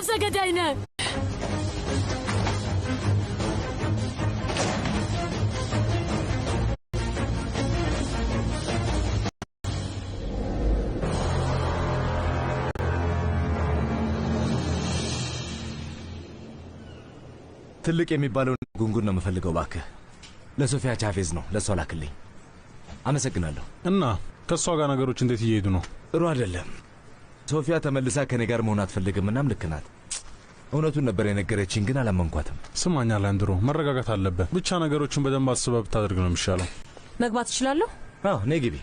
ነፍሰ ገዳይ ነህ። ትልቅ የሚባለውን ጉንጉን ነው የምፈልገው። እባክህ ለሶፊያ ቻቬዝ ነው፣ ለእሷ ላክልኝ። አመሰግናለሁ። እና ከእሷ ጋር ነገሮች እንዴት እየሄዱ ነው? ጥሩ አይደለም። ሶፊያ ተመልሳ ከኔ ጋር መሆን አትፈልግም። እናም ልክ ናት። እውነቱን ነበር የነገረችኝ፣ ግን አላመንኳትም። ስማኛ አላንድሮ፣ መረጋጋት አለብህ። ብቻ ነገሮችን በደንብ አስበህ ብታደርግ ነው የሚሻለው። መግባት እችላለሁ? አዎ፣ ነይ ግቢ።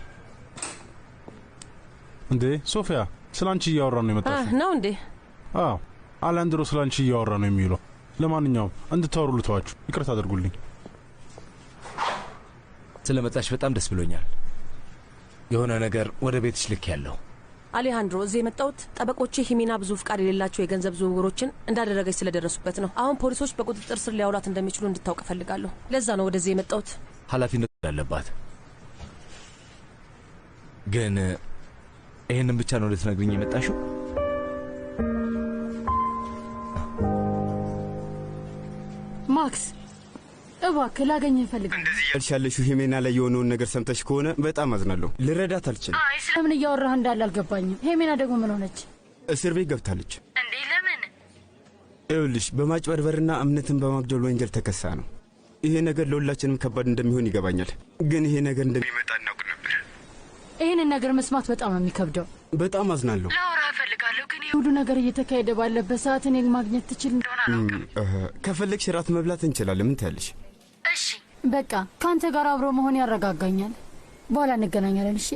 እንዴ ሶፊያ፣ ስለ አንቺ እያወራ ነው የመጣሽ ነው እንዴ? አዎ፣ አላንድሮ ስለ አንቺ እያወራ ነው የሚውለው። ለማንኛውም እንድታወሩ ልተዋችሁ፣ ይቅርታ አድርጉልኝ። ስለ መጣሽ በጣም ደስ ብሎኛል። የሆነ ነገር ወደ ቤትሽ ልክ ያለው አሌሃንድሮ እዚህ የመጣሁት ጠበቆች ሂሜና ብዙ ፍቃድ የሌላቸው የገንዘብ ዝውውሮችን እንዳደረገች ስለደረሱበት ነው። አሁን ፖሊሶች በቁጥጥር ስር ሊያውላት እንደሚችሉ እንድታውቅ እፈልጋለሁ። ለዛ ነው ወደዚህ የመጣሁት። ኃላፊነት ያለባት ግን ይህንን ብቻ ነው ልትነግርኝ የመጣሽው? ማክስ እባክህ ላገኘ እፈልጋለሁ። እንደዚህ ያልሻለሽ ሄሜና ላይ የሆነውን ነገር ሰምተሽ ከሆነ በጣም አዝናለሁ። ልረዳት አልችል። አይ ስለምን እያወራህ እንዳለ አልገባኝም። ሄሜና ደግሞ ምን ሆነች? እስር ቤት ገብታለች። እንዴ ለምን? ይኸውልሽ በማጭበርበርና እምነትን በማግደል ወንጀል ተከሳ ነው። ይሄ ነገር ለሁላችንም ከባድ እንደሚሆን ይገባኛል፣ ግን ይሄ ነገር እንደሚመጣ እናውቅ ነበር። ይህንን ነገር መስማት በጣም ነው የሚከብደው። በጣም አዝናለሁ። ላወራህ እፈልጋለሁ፣ ግን ሁሉ ነገር እየተካሄደ ባለበት ሰዓት እኔን ማግኘት ትችል እንደሆነ አላውቅም። ከፈለግሽ እራት መብላት እንችላለን። ምን ትያለሽ? እሺ በቃ ከአንተ ጋር አብሮ መሆን ያረጋጋኛል። በኋላ እንገናኛለን። እሺ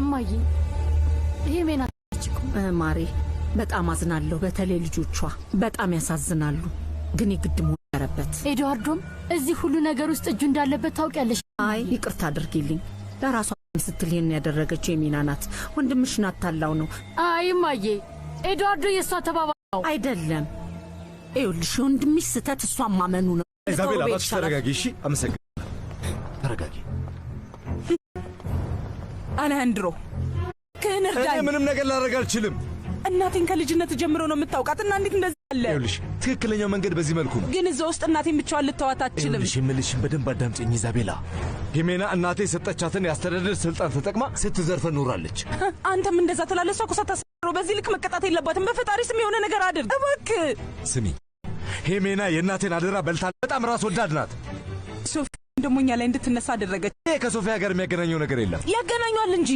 እማዬ፣ ይሄ ሜና ማሬ፣ በጣም አዝናለሁ። በተለይ ልጆቿ በጣም ያሳዝናሉ። ግን የግድ መሆን ነበረበት። ኤድዋርዶም እዚህ ሁሉ ነገር ውስጥ እጁ እንዳለበት ታውቂያለሽ። አይ ይቅርታ አድርጊልኝ። ለራሷ ስትል ይህን ያደረገችው የሚና ናት። ወንድምሽ ናታላው ነው። አይ እማዬ፣ ኤድዋርዶ የእሷ ተባባ አይደለም ይኸውልሽ ወንድምሽ ስህተት እሷን ማመኑ ነው። ኢዛቤል አባትሽ ተረጋጊ። እሺ አመሰግናለሁ። ተረጋጊ አልሃንድሮ ክህን እርዳኝ። ምንም ነገር ላደርግ አልችልም። እናቴን ከልጅነት ጀምሮ ነው የምታውቃት እና እንዴት እንደዚህ አለ? ይኸውልሽ ትክክለኛው መንገድ በዚህ መልኩ ነው፣ ግን እዚያ ውስጥ እናቴን ብቻዋን ልተዋት አትችልም። ይኸውልሽ የምልሽን በደንብ አዳምጪኝ ኢዛቤላ። የሜና እናቴ የሰጠቻትን የአስተዳደር ስልጣን ተጠቅማ ስትዘርፈ ኖራለች። አንተም እንደዛ ትላለሷ። ኩሳታ በዚህ ልክ መቀጣት የለባትም። በፈጣሪ ስም የሆነ ነገር አድርግ እባክህ። ስሚ ሄሜና የእናቴን አደራ በልታል። በጣም ራስ ወዳድ ናት። ሶፊያ ደሞ እኛ ላይ እንድትነሳ አደረገች። ይህ ከሶፊያ ጋር የሚያገናኘው ነገር የለም። ያገናኟል እንጂ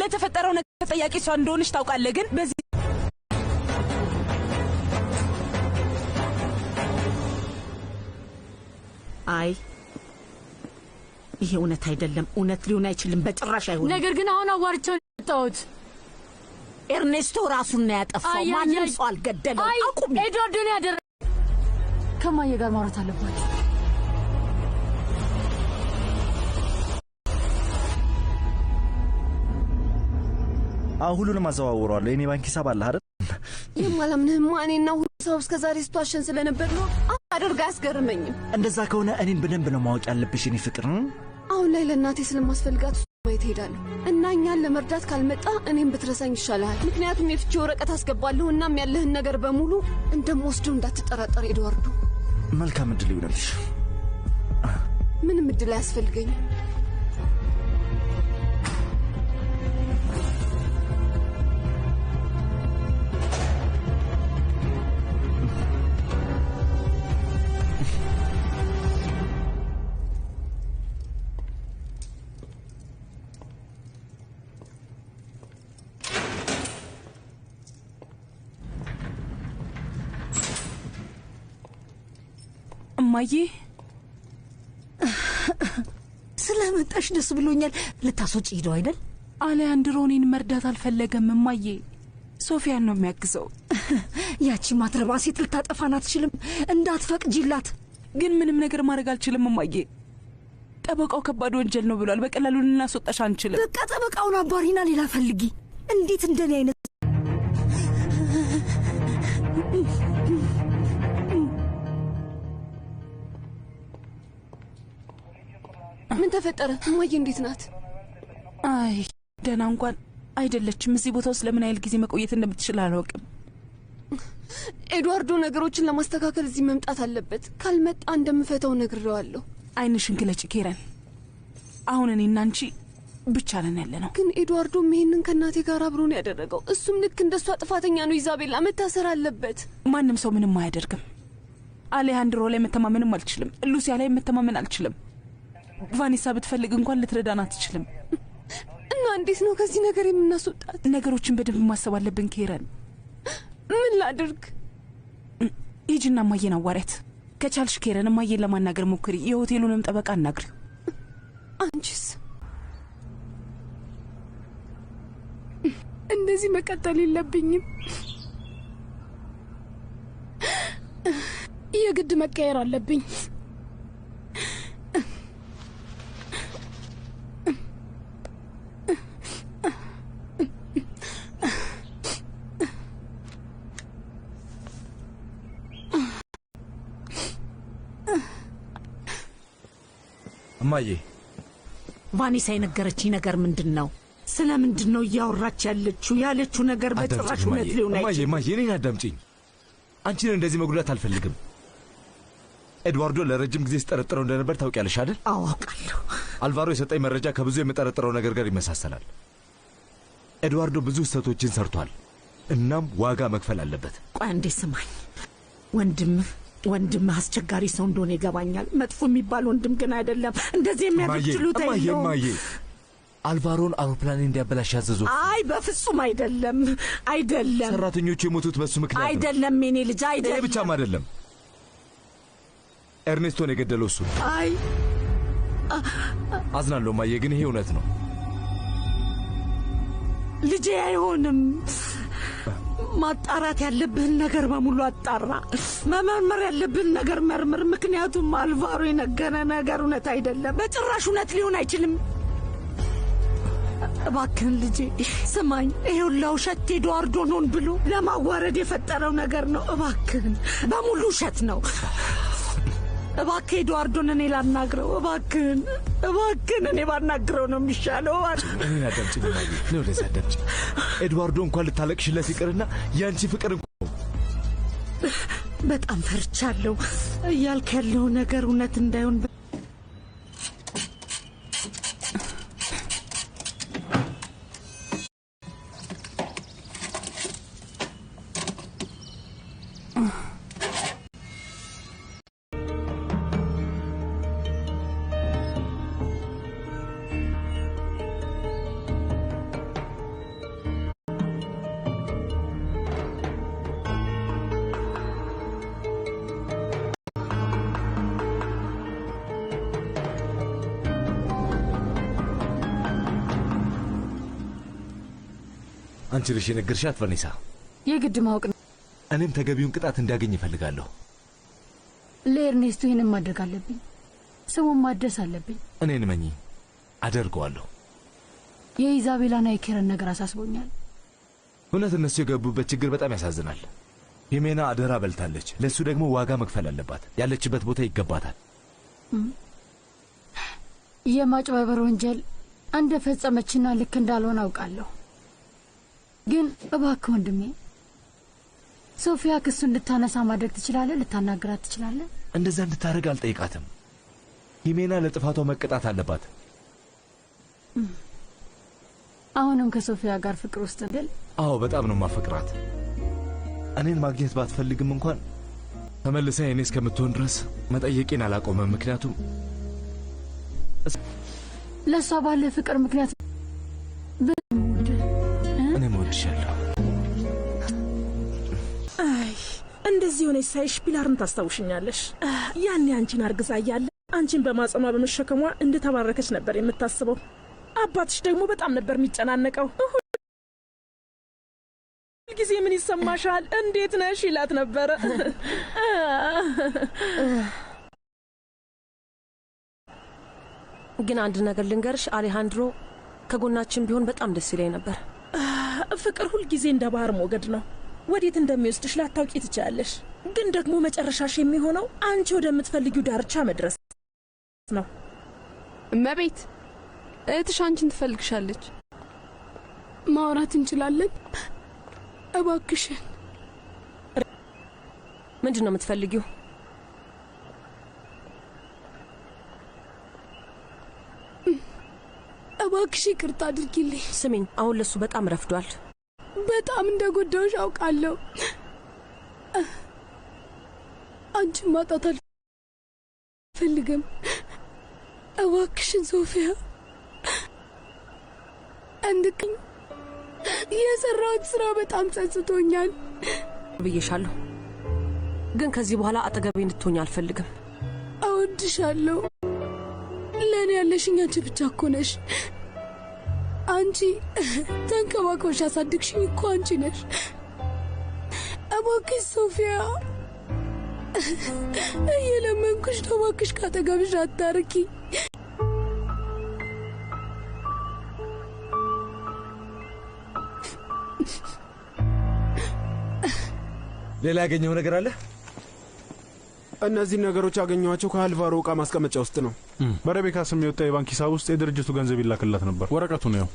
ለተፈጠረው ነገር ተጠያቂ እሷ እንደሆነች ታውቃለህ። ግን በዚህ አይ ይሄ እውነት አይደለም። እውነት ሊሆን አይችልም፣ በጭራሽ አይሆንም። ነገር ግን አሁን አዋርቸው የመጣሁት ኤርኔስቶ ራሱን ነው ያጠፋው። ማንም ሰው አልገደለም። አቁም። ኤድዋርድ ያደረ ከማየ ጋር ማውራት አለባችሁ። አሁን ሁሉንም አዘዋውረዋለሁ። የኔ ባንክ ሂሳብ አለ አይደል? ይህም አላምንህማ። እኔና ሁሉ ሰው እስከ ዛሬ ስቷሸን ስለነበር ነው አደርግ አያስገርመኝም። እንደዛ ከሆነ እኔን በደንብ ነው ማወቅ ያለብሽ የኔ ፍቅር። አሁን ላይ ለእናቴ ስለማስፈልጋት ማየት ሄዳለሁ እና እኛን ለመርዳት ካልመጣ እኔም ብትረሳኝ ይሻልሃል። ምክንያቱም የፍቺ ወረቀት አስገባለሁ። እናም ያለህን ነገር በሙሉ እንደምወስደው እንዳትጠራጠር ኤድዋርዶ። መልካም እድል ይሁንልሽ። ምንም እድል አያስፈልገኝም። እማዬ ስለመጣሽ ደስ ብሎኛል። ልታስወጪ ሄደው አይደል? አሊያንድሮ እኔን መርዳት አልፈለገም እማዬ፣ ሶፊያን ነው የሚያግዘው። ያቺ ማትረባ ሴት ልታጠፋን አትችልም፣ እንዳትፈቅጂላት። ግን ምንም ነገር ማድረግ አልችልም እማዬ። ጠበቃው ከባድ ወንጀል ነው ብሏል። በቀላሉ ልናስወጣሽ አንችልም። በቃ ጠበቃውን አባሪና ሌላ ፈልጊ። እንዴት እንደኔ አይነት ምን ተፈጠረ? እማዬ እንዴት ናት? አይ ደህና እንኳን አይደለችም። እዚህ ቦታ ውስጥ ለምን ያህል ጊዜ መቆየት እንደምትችል አላውቅም። ኤድዋርዶ ነገሮችን ለማስተካከል እዚህ መምጣት አለበት። ካልመጣ እንደምፈታው ነግሬዋለሁ። አይንሽን ግለጭ ኬረን። አሁን እኔ እና አንቺ ብቻ ነን ያለ ነው። ግን ኤድዋርዶ ይሄንን ከእናቴ ጋር አብሮ ነው ያደረገው። እሱም ልክ እንደሷ ጥፋተኛ ነው። ኢዛቤላ መታሰር አለበት። ማንም ሰው ምንም አያደርግም። አሌሃንድሮ ላይ መተማመንም አልችልም። ሉሲያ ላይ መተማመን አልችልም። ቫኔሳ ብትፈልግ እንኳን ልትረዳን አትችልም። እና እንዴት ነው ከዚህ ነገር የምናስወጣት? ነገሮችን በደንብ ማሰብ አለብን። ኬረን ምን ላድርግ? ሂጂና እማዬን አዋሪያት። ከቻልሽ ኬረን እማዬን ለማናገር ሞክሪ። የሆቴሉንም ጠበቃ አናግሪው። አንቺስ እንደዚህ መቀጠል የለብኝም። የግድ መቀየር አለብኝ። እማዬ ቫኔሳ የነገረችኝ ነገር ምንድን ነው? ስለ ምንድን ነው እያወራች ያለችው? ያለችው ነገር በጭራሽ እውነት ሊሆን አይችልም። እማዬ እኔን አዳምጪኝ። አንቺን እንደዚህ መጉዳት አልፈልግም። ኤድዋርዶ ለረጅም ጊዜ ሲጠረጥረው እንደነበር ታውቂያለሽ አይደል? አውቃለሁ። አልቫሮ የሰጠኝ መረጃ ከብዙ የምጠረጥረው ነገር ጋር ይመሳሰላል። ኤድዋርዶ ብዙ ስህተቶችን ሰርቷል። እናም ዋጋ መክፈል አለበት። ቆይ እንዴ፣ ስማኝ ወንድምህ ወንድም አስቸጋሪ ሰው እንደሆነ ይገባኛል። መጥፎ የሚባል ወንድም ግን አይደለም። እንደዚህ የሚያደርግችሉት አልቫሮን አውሮፕላን እንዲያበላሽ ያዘዙ። አይ በፍጹም አይደለም፣ አይደለም። ሰራተኞቹ የሞቱት በሱ ምክንያት አይደለም። የኔ ልጅ አይደለም። ይሄ ብቻም አይደለም። ኤርኔስቶን የገደለው እሱ። አይ አዝናለሁ ማየ፣ ግን ይሄ እውነት ነው። ልጄ አይሆንም። ማጣራት ያለብህን ነገር በሙሉ አጣራ። መመርመር ያለብህን ነገር መርምር። ምክንያቱም አልቫሮ የነገረ ነገር እውነት አይደለም፣ በጭራሽ እውነት ሊሆን አይችልም። እባክህን ልጄ ስማኝ፣ ይሄውላ ውሸት ኤድዋርዶን ብሎ ለማዋረድ የፈጠረው ነገር ነው። እባክህን በሙሉ ውሸት ነው። እባክህ ኤድዋርዶን እኔ ላናግረው። እባክህን እባክህን እኔ ባናግረው ነው የሚሻለው። እኔን አዳምጪ፣ እኔ ወደዚህ አዳምጪ። ኤድዋርዶ እንኳን ልታለቅሽለት ይቅርና የአንቺ ፍቅር እንኳ በጣም ፈርቻለሁ። እያልክ ያለው ነገር እውነት እንዳይሆን አንቺ ነሽ የነገርሻት ቫኔሳ። የግድ ማወቅ ነው። እኔም ተገቢውን ቅጣት እንዳገኝ እፈልጋለሁ። ለኤርኔስቱ ይህንም ማድረግ አለብኝ። ስሙን ማደስ አለብኝ። እኔን መኝ አደርገዋለሁ። የኢዛቤላና የኬረን ነገር አሳስቦኛል። እውነት እነሱ የገቡበት ችግር በጣም ያሳዝናል። የሜና አደራ በልታለች። ለእሱ ደግሞ ዋጋ መክፈል አለባት። ያለችበት ቦታ ይገባታል። የማጭበርበር ወንጀል እንደፈጸመችና ልክ እንዳልሆን አውቃለሁ። ግን እባክህ ወንድሜ ሶፊያ ክሱ እንድታነሳ ማድረግ ትችላለህ፣ ልታናግራት ትችላለህ። እንደዛ እንድታደርግ አልጠይቃትም። ሂሜና ለጥፋቷ መቀጣት አለባት። አሁንም ከሶፊያ ጋር ፍቅር ውስጥ እንድል? አዎ በጣም ነው ማፈቅራት። እኔን ማግኘት ባትፈልግም እንኳን ተመልሳ የእኔ እስከምትሆን ድረስ መጠየቄን አላቆመም። ምክንያቱም ለእሷ ባለ ፍቅር ምክንያት ደርሻለሁ። አይ እንደዚህ የሆነች ሳይሽ ፒላርን ታስታውሽኛለሽ። ያኔ አንቺን አርግዛ እያለ አንቺን በማጸኗ በመሸከሟ እንደተባረከች ነበር የምታስበው። አባትሽ ደግሞ በጣም ነበር የሚጨናነቀው። ጊዜ ምን ይሰማሻል፣ እንዴት ነሽ ይላት ነበረ። ግን አንድ ነገር ልንገርሽ፣ አሌሃንድሮ ከጎናችን ቢሆን በጣም ደስ ይለኝ ነበር። ፍቅር ሁልጊዜ እንደ ባህር ሞገድ ነው። ወዴት እንደሚወስድሽ ላታውቂ ትችላለሽ። ግን ደግሞ መጨረሻሽ የሚሆነው አንቺ ወደምትፈልጊው ዳርቻ መድረስ ነው። እመቤት፣ እህትሽ አንቺን ትፈልግሻለች። ማውራት እንችላለን? እባክሽን። ምንድን ነው የምትፈልጊው? እባክሽ ይቅርታ አድርጊልኝ። ስሚኝ፣ አሁን ለሱ በጣም ረፍዷል። በጣም እንደ ጎዳዎች አውቃለሁ። አንቺ ማጣት አልፈልግም። እባክሽን ሶፊያ እንድቅኝ። የሰራሁት ስራ በጣም ጸጽቶኛል ብዬሻለሁ፣ ግን ከዚህ በኋላ አጠገቤ እንድትሆኝ አልፈልግም። እወድሻለሁ። ለእኔ ያለሽኝ አንቺ ብቻ እኮ ነሽ። አንቺ ተንከባክበሽ ያሳድግሽኝ እኮ አንቺ ነሽ። እባክሽ ሶፊያ፣ እየለመንኩሽ ነው፣ እባክሽ ካጠገብሽ አታርቂ። ሌላ ያገኘው ነገር አለ? እነዚህን ነገሮች ያገኘኋቸው ከአልቫሮ እቃ ማስቀመጫ ውስጥ ነው። በረቤካ ስም የወጣ የባንክ ሂሳብ ውስጥ የድርጅቱ ገንዘብ ይላክላት ነበር። ወረቀቱ ነው ያው።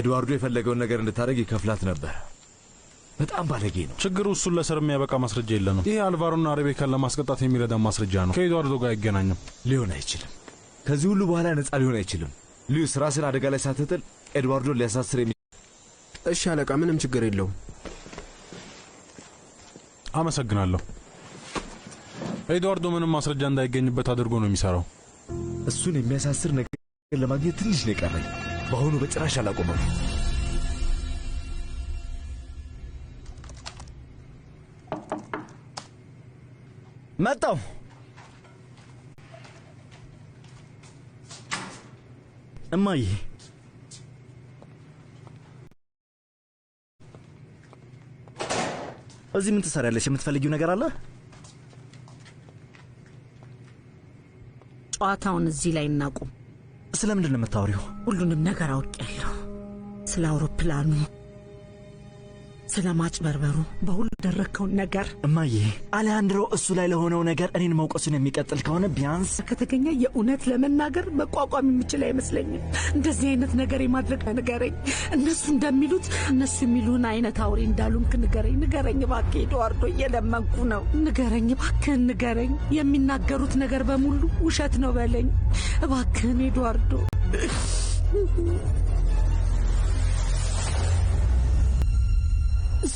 ኤድዋርዶ የፈለገውን ነገር እንድታደርግ ይከፍላት ነበር። በጣም ባለጌ ነው። ችግሩ እሱን ለስር የሚያበቃ ማስረጃ የለንም። ይህ አልቫሮና ሬቤካን ለማስቀጣት የሚረዳ ማስረጃ ነው። ከኤድዋርዶ ጋር አይገናኝም። ሊሆን አይችልም። ከዚህ ሁሉ በኋላ ነፃ ሊሆን አይችልም። ስራ ራስን አደጋ ላይ ሳትጥል ኤድዋርዶን ሊያሳስር የሚ እሺ አለቃ፣ ምንም ችግር የለውም። አመሰግናለሁ። ኤድዋርዶ ምንም ማስረጃ እንዳይገኝበት አድርጎ ነው የሚሰራው። እሱን የሚያሳስር ነገር ለማግኘት ትንሽ ነው የቀረኝ። በአሁኑ በጭራሽ አላቆመም። መጣው እማዬ እዚህ ምን ትሰሪያለሽ? የምትፈልጊው ነገር አለ? ጨዋታውን እዚህ ላይ እናቁም። ስለምንድን ነው የምታወሪው? ሁሉንም ነገር አውቄያለሁ። ስለ አውሮፕላኑ ስለ ማጭበርበሩ በሁሉ ደረግከውን ነገር እማዬ፣ አሌሃንድሮ እሱ ላይ ለሆነው ነገር እኔን መውቀሱን የሚቀጥል ከሆነ ቢያንስ ከተገኘ የእውነት ለመናገር መቋቋም የምችል አይመስለኝም። እንደዚህ አይነት ነገር የማድረግ ንገረኝ። እነሱ እንደሚሉት እነሱ የሚሉን አይነት አውሬ እንዳሉንክ ንገረኝ፣ ንገረኝ እባክህ ኤድዋርዶ፣ እየለመንኩ ነው። ንገረኝ እባክህን፣ ንገረኝ። የሚናገሩት ነገር በሙሉ ውሸት ነው በለኝ እባክህን ኤድዋርዶ።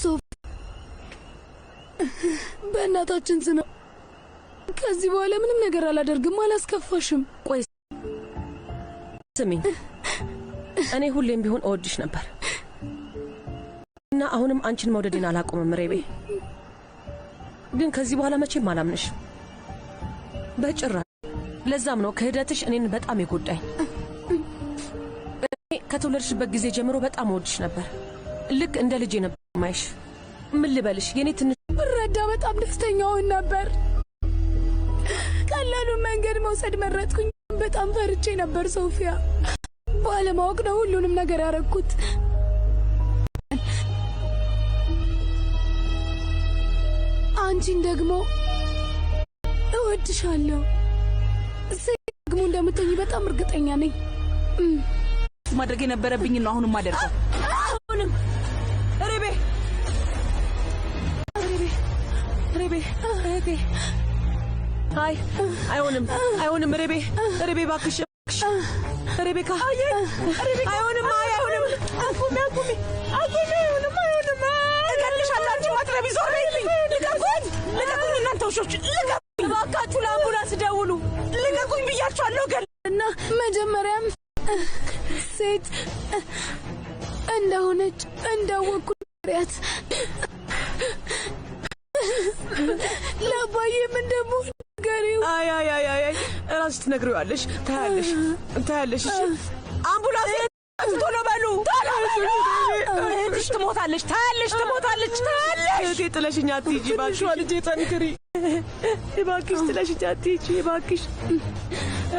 ሶፍ በእናታችን ስነ ከዚህ በኋላ ምንም ነገር አላደርግም። አላስከፋሽም። ቆይ ስሚኝ፣ እኔ ሁሌም ቢሆን እወድሽ ነበር እና አሁንም አንቺን መውደዴን አላቆምም ሬቤ። ግን ከዚህ በኋላ መቼም አላምንሽ በጭራሽ። ለዛም ነው ክህደትሽ እኔን በጣም የጎዳኝ። እኔ ከተወለድሽበት ጊዜ ጀምሮ በጣም እወድሽ ነበር፣ ልክ እንደ ልጄ ነበር። ማይሽ ምን ልበልሽ የኔ ትንሽ ብረዳ በጣም ደስተኛ ሆን ነበር። ቀላሉን መንገድ መውሰድ መረጥኩኝ። በጣም ፈርቼ ነበር ሶፊያ። ባለማወቅ ነው ሁሉንም ነገር ያረግኩት። አንቺን ደግሞ እወድሻለሁ። ደግሞ እንደምትኝ በጣም እርግጠኛ ነኝ። ማድረግ የነበረብኝ ነው አሁንም አደርጋለሁ። ርቤ እህቴ፣ አይ አይሆንም፣ አይሆንም። ርቤ ርቤ፣ እባክሽ ሬቤካ፣ አይሆንም፣ አይሆንም። አቁሚ፣ አቁሚ፣ አቁሚ! አይሆንም፣ አይሆንም። እገልሻለሁ። አንቺ ዞር ልቀቁኝ፣ ልቀቁኝ! እናንተ ውሾች ልቀቁኝ! እባካችሁ ለአምቡላንስ ደውሉ! ልቀቁኝ ብያችኋለሁ። ገል እና መጀመሪያም ሴት እንደሆነች እንዳወቅኩ ሪያት ለአባዬ ምን ደግሞ ነገሬው? አይ አይ አይ አይ እራስሽ ትነግሪዋለሽ። ታያለሽ ታያለሽ። አምቡላንስ ቶሎ በሉ ቶሎ በሉ። እህትሽ ትሞታለች። ታያለሽ ትሞታለች። ታያለሽ። እህቴ ጥለሽኝ አትሂጂ እባክሽ። ልጄ ጠንክሪ እባክሽ። ጥለሽኝ አትሂጂ እባክሽ።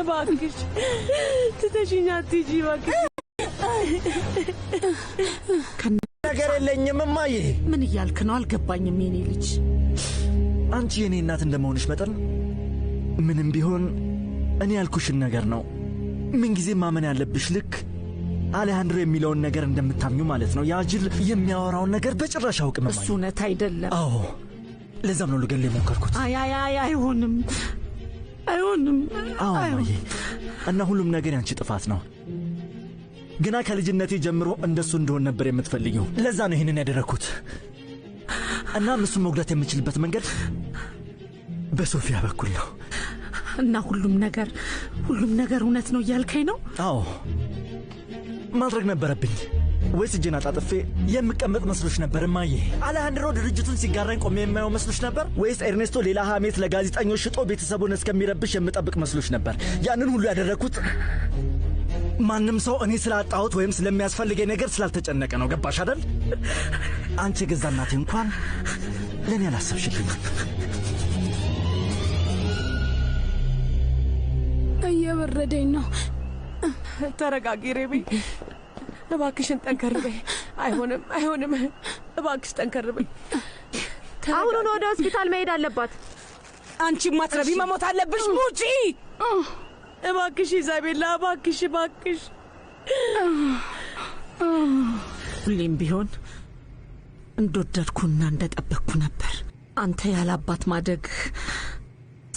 እባክሽ ትተሽኝ አትሂጂ እባክሽ። ነገር የለኝም እማዬ። ምን እያልክ ነው? አልገባኝም የኔ ልጅ። አንቺ የኔ እናት እንደመሆንሽ መጠን ምንም ቢሆን እኔ ያልኩሽን ነገር ነው ምንጊዜ ማመን ያለብሽ። ልክ አሌሃንድሮ የሚለውን ነገር እንደምታምኙ ማለት ነው። ያ የሚያወራውን ነገር በጭራሽ አውቅም። እሱ እውነት አይደለም። አዎ፣ ለዛም ነው ልገል የሞከርኩት። አይሆንም፣ አይሆንም። አዎ እማዬ፣ እና ሁሉም ነገር ያንቺ ጥፋት ነው። ግና ከልጅነቴ ጀምሮ እንደሱ እንደሆን ነበር የምትፈልጊው። ለዛ ነው ይህንን ያደረግኩት። እናም እሱን መጉዳት የምችልበት መንገድ በሶፊያ በኩል ነው። እና ሁሉም ነገር ሁሉም ነገር እውነት ነው እያልከኝ ነው? አዎ ማድረግ ነበረብኝ ወይስ እጄን አጣጥፌ የምቀመጥ መስሎች ነበር? እማዬ አለሃንድሮ ድርጅቱን ሲጋራኝ ቆሜ የማየው መስሎች ነበር? ወይስ ኤርኔስቶ ሌላ ሐሜት ለጋዜጠኞች ሽጦ ቤተሰቡን እስከሚረብሽ የምጠብቅ መስሎች ነበር? ያንን ሁሉ ያደረግኩት ማንም ሰው እኔ ስላጣሁት ወይም ስለሚያስፈልገኝ ነገር ስላልተጨነቀ ነው። ገባሽ አይደል? አንቺ የገዛ እናቴ እንኳን ለእኔ አላሰብሽልኝ። እየበረደኝ ነው። ተረጋጊ ሬቢ፣ እባክሽን ጠንከር በይ። አይሆንም፣ አይሆንም፣ እባክሽ ጠንከር በይ። አሁኑን ወደ ሆስፒታል መሄድ አለባት። አንቺ ማትረቢ መሞት አለብሽ። ሙጪ እባክሽ ኢዛቤላ፣ እባክሽ እባክሽ። ሁሌም ቢሆን እንደወደድኩና እንደጠበቅኩ ነበር። አንተ ያለ አባት ማደግህ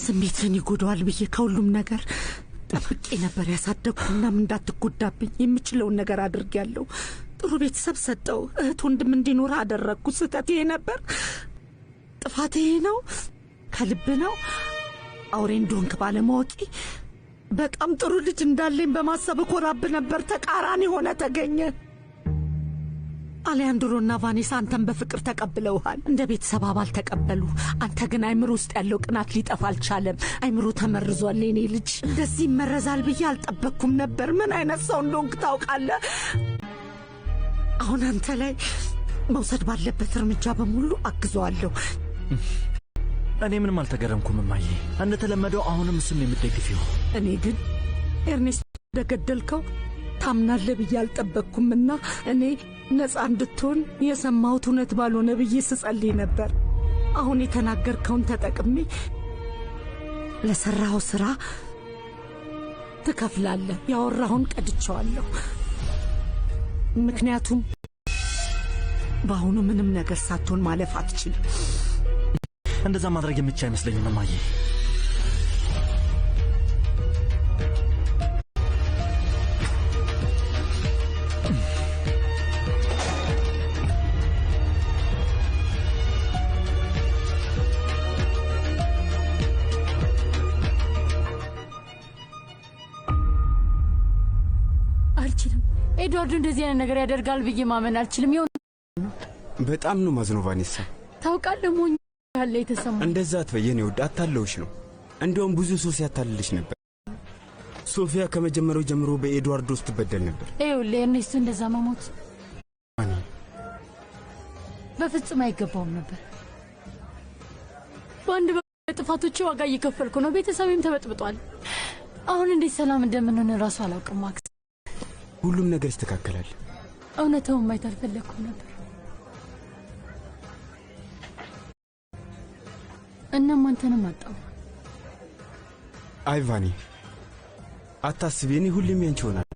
ስሜትን ይጎዳዋል ብዬ ከሁሉም ነገር ጠብቄ ነበር ያሳደግኩ። እናም እንዳትጎዳብኝ የምችለውን ነገር አድርጌያለሁ። ጥሩ ቤተሰብ ሰጠው፣ እህት ወንድም እንዲኖረ አደረግኩ። ስህተት ይሄ ነበር? ጥፋት ይሄ ነው? ከልብ ነው? አውሬ እንደሆንክ ባለማወቂ በጣም ጥሩ ልጅ እንዳለኝ በማሰብ እኮራብ ነበር። ተቃራኒ ሆነ ተገኘ። አሊያንድሮና ቫኔሳ አንተን በፍቅር ተቀብለውሃል። እንደ ቤተሰብ አባል ተቀበሉ። አንተ ግን አይምሮ ውስጥ ያለው ቅናት ሊጠፋ አልቻለም። አይምሮ ተመርዟል። የኔ ልጅ እንደዚህ ይመረዛል ብዬ አልጠበቅኩም ነበር። ምን አይነት ሰው እንደሆንክ ታውቃለህ። አሁን አንተ ላይ መውሰድ ባለበት እርምጃ በሙሉ አግዘዋለሁ። እኔ ምንም አልተገረምኩም እማዬ። እንደተለመደው አሁንም እሱን የምትደግፊው። እኔ ግን ኤርኔስት እንደገደልከው ታምናለህ ብዬ አልጠበቅኩምና እኔ ነፃ እንድትሆን የሰማሁት እውነት ባልሆነ ብዬ ስጸልይ ነበር። አሁን የተናገርከውን ተጠቅሜ ለሠራኸው ሥራ ትከፍላለህ። ያወራሁን ቀድቼዋለሁ። ምክንያቱም በአሁኑ ምንም ነገር ሳትሆን ማለፍ አትችልም። እንደዛ ማድረግ የምቻ አይመስለኝም እማዬ። ኤድዋርዱ እንደዚህ አይነት ነገር ያደርጋል ብዬ ማመን አልችልም። ይሆን በጣም ነው ማዝኖ ቫኔሳ ታውቃለህ ሞኝ ያለ የተሰማ እንደዛ አትበይ የኔ ውድ፣ አታለውሽ ነው። እንዲያውም ብዙ ሰው ሲያታልልሽ ነበር። ሶፊያ ከመጀመሪያው ጀምሮ በኤድዋርድ ውስጥ ትበደል ነበር። ይኸውልህ ኤርኔስቶ እንደዛ መሞት በፍጹም አይገባውም ነበር። በአንድ በጥፋቶች ዋጋ እየከፈልኩ ነው። ቤተሰብም ተበጥብጧል። አሁን እንዴት ሰላም እንደምንሆን እራሱ አላውቅም። ማክስ፣ ሁሉም ነገር ይስተካከላል። እውነታውን ማየት አልፈለግኩም ነበር። እናም አንተንም አጣው። አይቫኒ ቫኒ አታስቢ፣ እኔ ሁሌም ያንቺ ሆናል።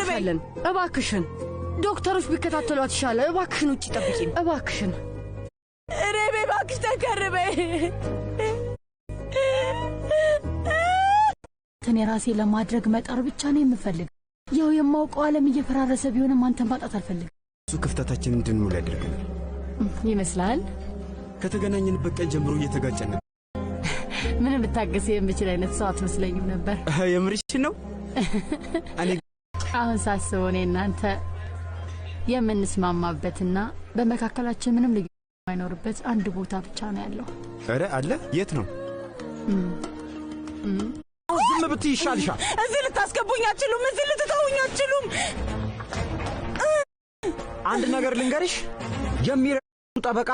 ይሻለን እባክሽን፣ ዶክተሮች ቢከታተሏት ይሻለ። እባክሽን ውጭ ጠብቂ፣ እባክሽን ሬቤ፣ እባክሽ ተቀርበይ። እኔ ራሴ ለማድረግ መጣር ብቻ ነው የምፈልግ። ያው የማውቀው ዓለም እየፈራረሰ ቢሆንም አንተን ማጣት አልፈልግም። እሱ ክፍተታችን እንድንሞላ ያደርገናል ይመስላል። ከተገናኘንበት ቀን ጀምሮ እየተጋጨን ነበር። ምንም ልታገስ የምችል አይነት ሰው አትመስለኝም ነበር። የምርሽን ነው? አሁን ሳስበው እኔ እናንተ የምንስማማበትና በመካከላችን ምንም ልዩ የማይኖርበት አንድ ቦታ ብቻ ነው ያለው። ኧረ አለ። የት ነው? ዝም ብትይ ይሻልሻል። እዚህ ልታስገቡኝ አትችሉም። እዚህ ልትተውኝ አትችሉም። አንድ ነገር ልንገርሽ፣ የሚረዱ ጠበቃ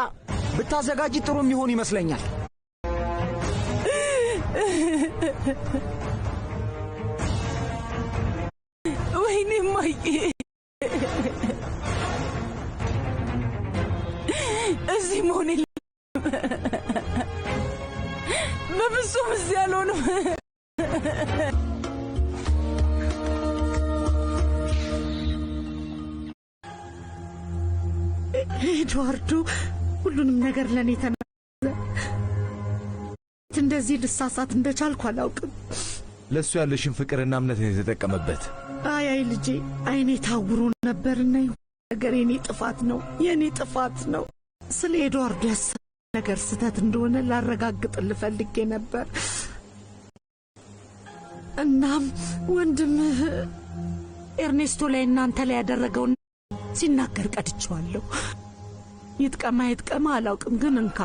ብታዘጋጅ ጥሩ የሚሆን ይመስለኛል። ወይኔ ማዬ፣ እዚህ መሆኔ እንደዚህ ልሳሳት እንደቻልኩ አላውቅም። ለእሱ ያለሽን ፍቅርና እምነት ነው የተጠቀመበት። አይ አይ ልጄ አይኔ ታውሮ ነበርና ነገር የኔ ጥፋት ነው የኔ ጥፋት ነው። ስለ ኤድዋርዶ ያሰ ነገር ስህተት እንደሆነ ላረጋግጥ ልፈልጌ ነበር። እናም ወንድም ኤርኔስቶ ላይ እናንተ ላይ ያደረገውን ሲናገር ቀድቼዋለሁ። ይጥቀማ ይጥቀማ አላውቅም፣ ግን እንካ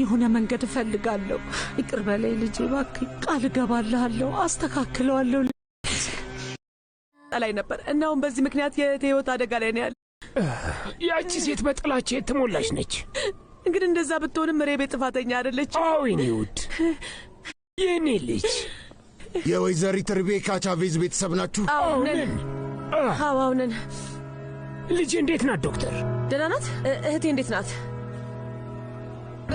የሆነ መንገድ እፈልጋለሁ። ይቅር በላይ ልጄ እባክህ። ቃል እገባልሃለሁ፣ አስተካክለዋለሁ። ላይ ነበር እናሁን በዚህ ምክንያት ህይወት አደጋ ላይ ነው ያለ። ያቺ ሴት በጥላቻ የተሞላች ነች። እንግዲህ እንደዛ ብትሆንም ሬቤ ጥፋተኛ አደለች። አዊን ይውድ የእኔ ልጅ የወይዘሪት ሪቤካ ቻቬዝ ቤተሰብ ናችሁ? አዎ፣ አዎነን። ልጅ እንዴት ናት ዶክተር? ደህና ናት። እህቴ እንዴት ናት?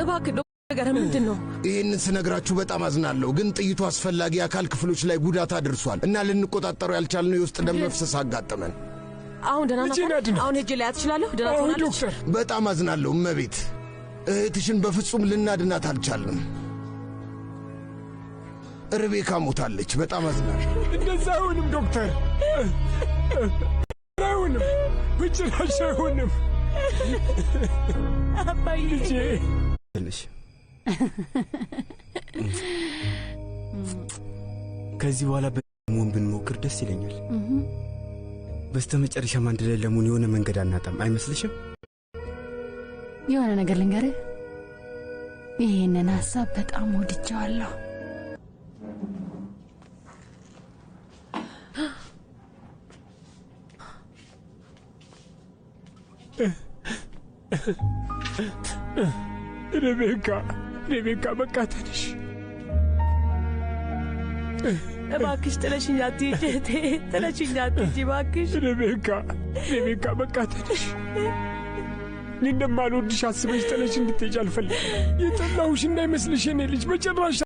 እባክህ ነገር ምንድን ነው? ይህንን ስነግራችሁ በጣም አዝናለሁ፣ ግን ጥይቱ አስፈላጊ አካል ክፍሎች ላይ ጉዳት አድርሷል እና ልንቆጣጠሩ ያልቻልነው የውስጥ ደም መፍሰስ አጋጠመን። አሁን ደህና ናት? አሁን ሄጄ ላያት እችላለሁ? ደህና ትሆናለች? በጣም አዝናለሁ እመቤት። እህትሽን በፍጹም ልናድናት አልቻልንም። ርቤካ ሞታለች። በጣም አዝናለሁ። እንደዛ አይሆንም ዶክተር፣ አይሆንም፣ በጭራሽ አይሆንም አባዬ ልሽ ከዚህ በኋላ በሞን ብንሞክር ደስ ይለኛል። በስተ መጨረሻም አንድ ላይ ለመሆን የሆነ መንገድ አናጣም አይመስልሽም? የሆነ ነገር ልንገርህ፣ ይህንን ሀሳብ በጣም ወድጀዋለሁ። Uh ሬቤካ ሬቤካ፣ በቃ ተነሽ እባክሽ፣ ጥለሽኝ አትሂጂ እህቴ፣ ጥለሽኝ አትሂጂ እባክሽ። ሬቤካ ሬቤካ፣ በቃ ተነሽ። እኔ እንደማልወድሽ አስበሽ ጥለሽ እንድትሄጂ አልፈልግም። የጠላሁሽ እንዳይመስልሽ የኔ ልጅ በጭራሽ።